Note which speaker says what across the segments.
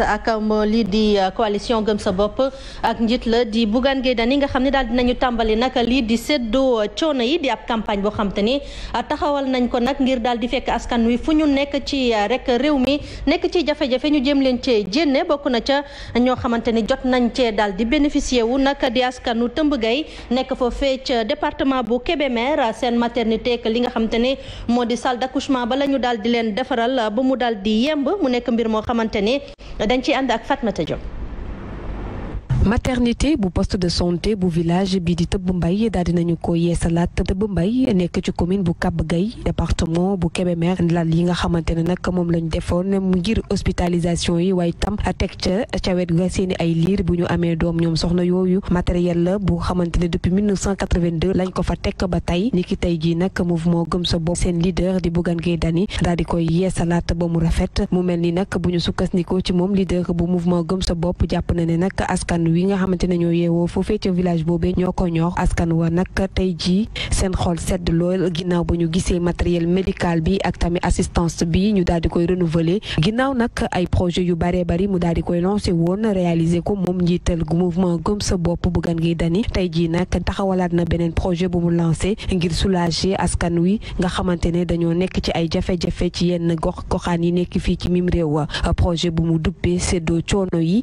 Speaker 1: PDS ak lii di euh, coalition gëm sa bopp ak njiit la di Bougane Gueye Dany nga xam ne daal dinañu tàmbali nag lii di séddoo euh, coono yi di ab campagne boo xam ni euh, taxawal nañ ko nag ngir daal di fekk askan wi fu ñu nekk ci rek réew mi nekk ci jafe-jafe ñu jëm leen cee jénne bokk na ca ñoo xamante ni jot nañ cee daal di bénéficier wu nag di askanu tëmb gay nekk fa fee ca département bu Kébémer seen maternité ak li nga xamante ni moo di salle d'accouchement ba la ñu daal di leen defaral ba mu daal di yemb nekk mbir moo xamante dañ ciy ànd ak Fatmata Diop
Speaker 2: maternité bu poste de santé bu village bi di Tëbb Mbay daal dinañu ko yeesalaat Tëbb Mbay nekk ci commune bu Kaba Gueye département bu Kébémer lal yi nga xamante ne nag moom lañ defoon ngir hospitalisation yi waaye tam a teg ca ca wet ga seeni ay liir bu ñu amee doom ñoom soxna yooyu matériel la bu xamante ne depuis 1982 lañ ko fa tekk ba tey ni ki tey jii nag mouvement gëm sa bopp seen leader di Bougane Gueye Dany daal di koy yeesalaat ba mu rafet mu mel ni nag bu ñu sukkandikoo ci moom leader bu mouvement gëm sa bopp jàpp na ne nag askan wi nga xamante ne ñoo yeewoo foofee ca village boobee ñoo ko ñoox askan wa nag tey jii seen xool sedd lool ginnaaw ba ñu gisee matériel médical bi ak tamit assistance bi ñu daldi koy renouveler ginnaaw nag ay projet yu bëree bari mu daal di koy lancé woon réaliser ko moom njiital mouvement gëm sa bopp bu gan ngay dani tey jii nag taxawalaat na beneen projet bu mu lancé ngir soulager askan wi nga xamante ne dañoo nekk ci ay jafe-jafe ci yenn gox goxaan yi nekk fii ci mim wa projet bu mu dubbee séddoo coono yi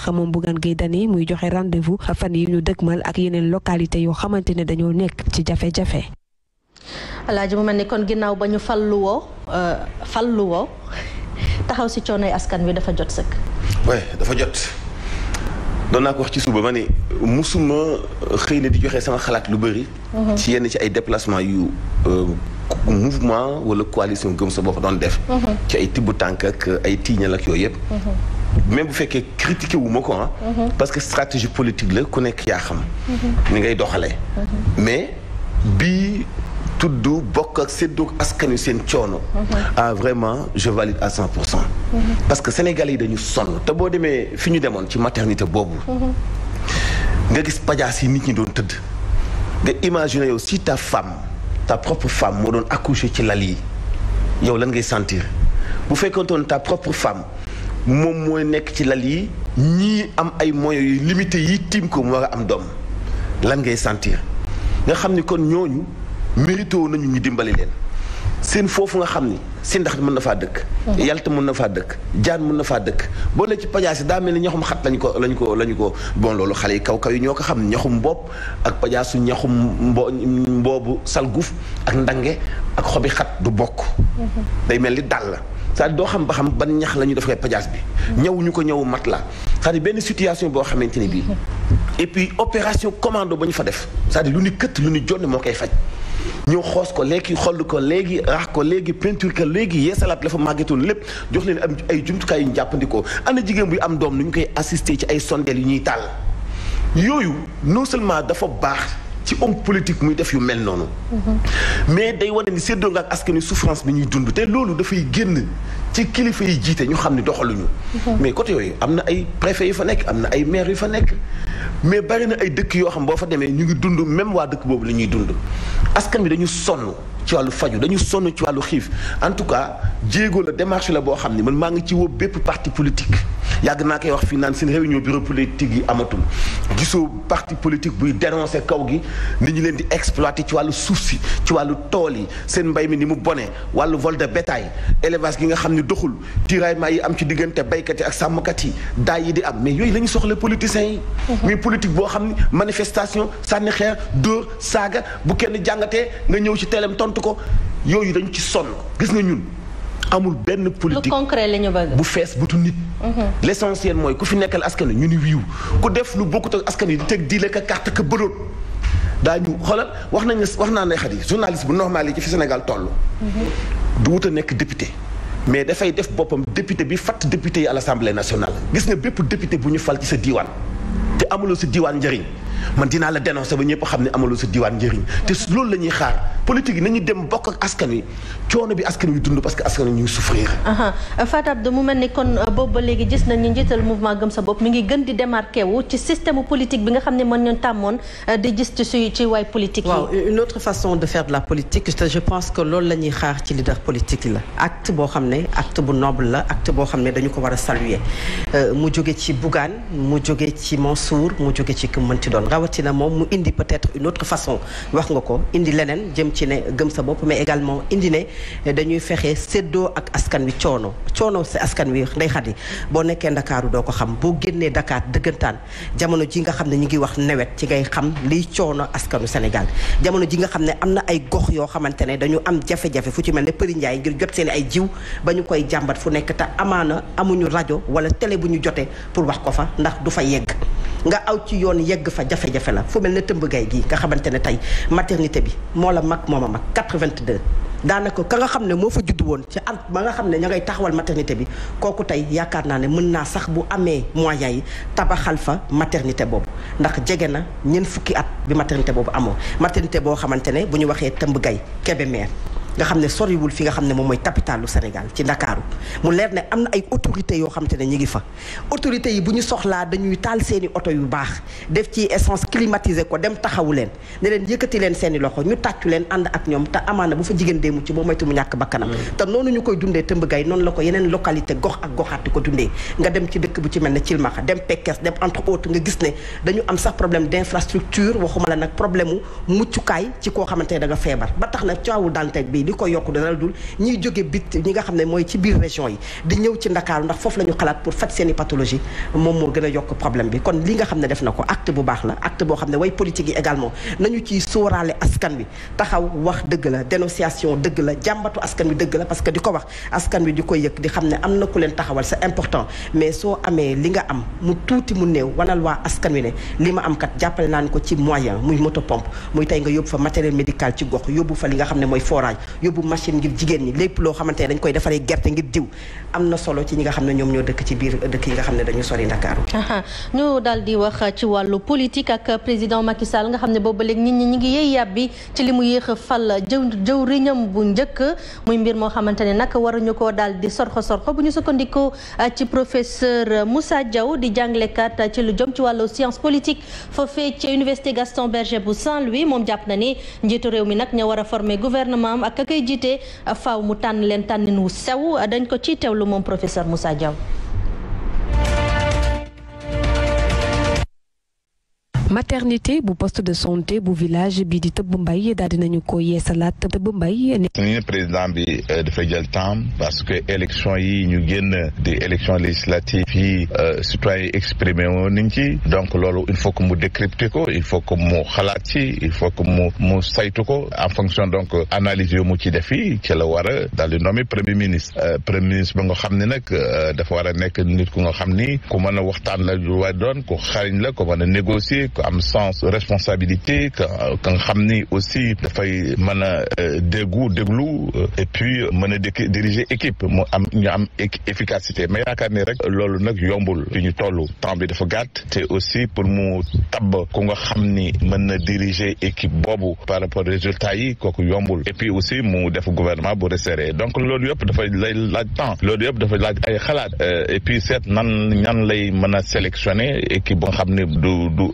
Speaker 2: baax moom Bougane Gueye Dany muy joxe rendez-vous fan yi ñu dëgmal ak yeneen localité yoo xamante ne dañoo nekk ci jafe-jafe.
Speaker 1: alaaji mu mel ni kon ginnaaw ba ñu falluwoo euh, falluwoo taxaw si coonoy askan wi dafa jot sëkk.
Speaker 3: oui dafa jot doon naa ko wax ci suba ma ne musuma euh, xëy na di joxe sama xalaat lu bëri. Mhm. ci yenn ci ay déplacement yu. Euh, mouvement wala coalition gëm sa bopp doon def. Mhm. ci ay tibb tànk ak ay tiiñal ak yooyu yëpp. Mhm. mais bu fekkee critiqué wu ma ko ah. parce que stratégie politique la ku nekk yaa xam. Mhm. ni ngay doxalee. Mhm. mais bi tudd bokk ak séddoog askan seen coono. ah vraiment je valide à cent pour cent. parce que sénégalais yi dañu sonn te boo demee fi ñu demoon ci maternité boobu. nga gis pajaas yi nit ñi doon tëdd. nga imaginer yow si ta femme ta propre femme moo doon accoucher ci lal yi yow lan ngay sentir bu fekkee fekkontoon ta propre femme. moom mooy nekk ci lal yi ñii am ay moyens yu limité yi tiim ko mu war a am doom lan ngay sentir nga xam ni kon ñooñu mérité nañu ñu dimbali leen seen foofu nga xam ni si ndax mën na faa dëkk mm-hmm. yalta mën na faa dëkk jaan mën na faa dëkk boo ne ci pajaas daa mel ni ñaxum xat lañu ko lañu ko lañu ko bon loolu xale yi kaw kaw yi ñoo ko xam ñaxum bopp ak pajaasu ñaxum mbo mboobu salguf ak ndange ak xobi xat du bokk mm-hmm. day mel ni dal la cest à doo xam ba xam ban ñax la ñu def koy pajaas bi ñaw ñu ko ñaw mat la cest à benn situation boo xamante ne bii et puis opération commando ba ñu fa def cest à lu ni këtt lu ni jonn moo koy faj ñëw xoos ko léegi xoll ko léegi rax ko léegi peinture ko léegi yeesalaat dafa màggetoon lépp jox leen am ay jumtukaay yu ñu jàppandikoo ana jigéen buy am doom nu ñu koy assister ci ay sondeel yu ñuy tàll yooyu non seulement dafa baax ci homme politique muy def yu mel noonu. mais day wane ni séddoo nga ak askanu souffrance bi ñuy dund te loolu dafay génn ci kilifa yi jiite ñu xam ne doxaluñu. mais côté yooyu am na ay préfet yu fa nekk am na ay maire yu fa nekk. mais bari na ay dëkk yoo xam boo fa demee ñu ngi dund même waa dëkk boobu lañuy dund askan bi dañu sonn ci wàllu faju dañu sonn ci wàllu xiif en tout cas jéego la démarche la boo xam ne man maa ngi ci woo bépp parti politique. yàgg naa koy wax fii naan seen réunion bureau politique yi amatul gisoo parti politique buy dénoncer kaw gi ni ñu leen di exploiter ci wàllu suuf si ci wàllu tool yi seen mbay mi ni mu bone wàllu volde de bétail élevage gi nga xam ne doxul tiraillement yi am ci diggante baykat yi ak sàmmkat yi daay yi di am mais yooyu la ñu soxla politiciens yi mhm. mais politique boo xam ne manifestation sànni xeer dóor saaga bu kenn jàngatee nga ñëw ci teelem tontu ko yooyu dañ ci sonn gis nga ñun amul benn
Speaker 1: politique bu fees bu tu nit mhm.
Speaker 3: l' essentiel mooy ku fi nekkal askan ñu ni wiiw ku def lu bokkut ak askan yi di teg diile ka carte ka bëdoot daañu xoolal wax nañ wax naa ne xat yi journaliste bu normal yi ci fi Sénégal toll mhm. du wut a nekk député mais dafay def boppam député bi fatt député yi al l' assemblée nationale gis nga bépp député bu ñu fal ci sa diiwaan te amuloo sa diiwaan njëriñ man dinaa la dénoncé ba ñëpp xam ne amaloo sa diiwaan njëriñ te loolu la ñuy xaar politique yi nañu dem bokk ak askan wi coono bi askan wi dund parce que askan wi ñuy souffrir.
Speaker 1: Fatou Abdou mu mel ni kon euh, boobu ba léegi gis nañu njiital mouvement gëm sa bopp mi ngi gën di démarqué wu ci système politique bi nga xam ne mën nañu tàmmoon euh, di gis ci suy ci waay politique yi. waaw
Speaker 4: une autre façon de faire de la politique je pense que loolu la ñuy xaar ci leader politique la acte boo xam ne acte bu noble la acte boo xam ne dañu ko war a saluer euh, mu jóge ci Bougane mu jóge ci Mansour mu jóge ci ku mënti doon rawatina moom mu indi peut-être une autre façon wax nga ko indi leneen jëm ci ci ne gëm sa bopp mais également indi ne dañuy fexe séddoo ak askan wi coono coono si askan wi nday xat boo nekkee ndakaaru doo ko xam boo génnee Dakar dëggantaan jamono ji nga xam ne ñu ngi wax nawet ci ngay xam liy coono askanu Sénégal jamono ji nga xam ne am na ay gox yoo xamante ne dañu am jafe-jafe fu ci mel ne Përi Njaay ngir jot seen ay jiw ba ñu koy jàmbat fu nekk te amaana amuñu rajo wala tele bu ñu jotee pour wax ko fa ndax du fa yegg nga aw ci yoon yegg fa jafe-jafe la foo mel ne tëmb gay gii nga xamante ne tey maternité bi moo la mag moom a mag 82. daanaka ka nga xam ne moo fa judd woon ci at ba nga xam ne ña ngay taxawal maternité bi kooku tey yaakaar naa ne mën naa sax bu amee moyens yi tabaxal fa maternité boobu ndax jege na ñeent fukki at bi maternité boobu amoo maternité boo xamante ne bu ñu waxee tëmb gay Kébémer nga xam ne soriwul fi nga xam ne moom mooy capitalu Sénégal ci Ndakaaru mu leer ne am na ay autorités yoo xam ne ñu ngi fa autorités yi bu ñu soxlaa dañuy taal seeni oto yu baax def ci essence climatisé ko dem taxawu leen ne leen yëkkati leen seeni loxo ñu tàccu leen ànd ak ñoom te amaana bu fa jigéen dee mucc boo moytu mu ñàkk bakkanam mm. te noonu ñu koy dundee tëmbgay noonu la ko yeneen localité gox ak goxaat di ko dundee nga dem ci dëkk bu ci mel ne Cilmaxa dem Pekes dem entre autres nga gis ne dañu am sax problème d'infrastructure waxuma mu muccukaay ci koo xamante ne da nga li ko yokk dana dul ñuy jóge bit ñi nga xam ne mooy ci biir région yi di ñëw ci Ndakaaru ndax foofu la ñu xalaat pour faj seeni i pathologie moom moo gën a yokk problème bi kon li nga xam ne def na ko acte bu baax la acte boo xam ne way politique yi également nañu ciy sóoraale askan wi taxaw wax dëgg la dénonciation dëgg la jàmbatu askan wi dëgg la parce que di ko wax askan wi di ko yëg di xam ne am na ku leen taxawal sa important mais soo amee li nga am mu tuuti mu néew wanal waa askan wi ne ma am kat jàppale naa ko ci moyen muy moto pompe muy tey nga yóbbu fa matériel ci gox yóbbu fa li nga xam ne mooy forage yóbbu machine ngir jigéen ñi lépp loo xamante ne dañ koy defaree gerte ngir diw am na solo ci ñi nga xam ne ñoom ñoo dëkk ci biir dëkk yi nga xam ne dañu sori Ndakaaru
Speaker 1: ñoo daal di wax ci wàllu politique ak président Macky Sall nga xam ne boobu léegi nit ñi ñi ngi yëy yàbbi ci li mu yéex a fal jëw jëwriñam bu njëkk muy mbir moo xamante ne nag waruñu koo daal di sorxo sorxo bu ñu sukkandikoo ah, ci professeur Moussa Diaw di jàngalekat ah, ci lu jëm ci wàllu science politique foofee ci université Gaston Berger bu Saint-Louis moom jàpp na ni njiitu réew mi nag ña war a former gouvernement am ak ka koy jiite ah, mu tànn leen tànnin wu sew dañ ko ci teewlu loolu moom professeur Moussa Diaw
Speaker 2: maternité bu poste de santé bu village bi di Tëbb Mbay daal dinañu ko yeesalaat Tëbb Mbay.
Speaker 3: suñu président bi euh, dafa jël temps parce que élection yi ñu génn di élection législative yi euh, citoyen yi exprimé woon nañ ci donc loolu il faut que mu décrypter ko il faut que mu xalaat ci il faut que mu mu saytu ko en fonction donc euh, analyse yu mu ci def yi ci la war a daal di nommer premier ministre premier ministre ba nga xam ne nag dafa war a nekk nit ku nga xam ni ku mën a waxtaan la lu war doon ku a négocier. ku am sens responsabilité ka nga xam ni aussi dafay man a déggu euh, déglu euh, et puis mën a diriger équipe mu am ñu am efficacité mais yaakaar ni rek loolu nag yombul fi ñu toll temps bi dafa gàtt te aussi pour mu tabb ku nga xam ni mën na diriger équipe boobu par rapport résultat yi kooku yombul et puis aussi mu def gouvernement bu resserré donc loolu yëpp dafa lay laaj temps loolu yëpp dafay laaj xalaat euh, et puis seet ñan lay mën a sélectionner équipe bu nga xam ni du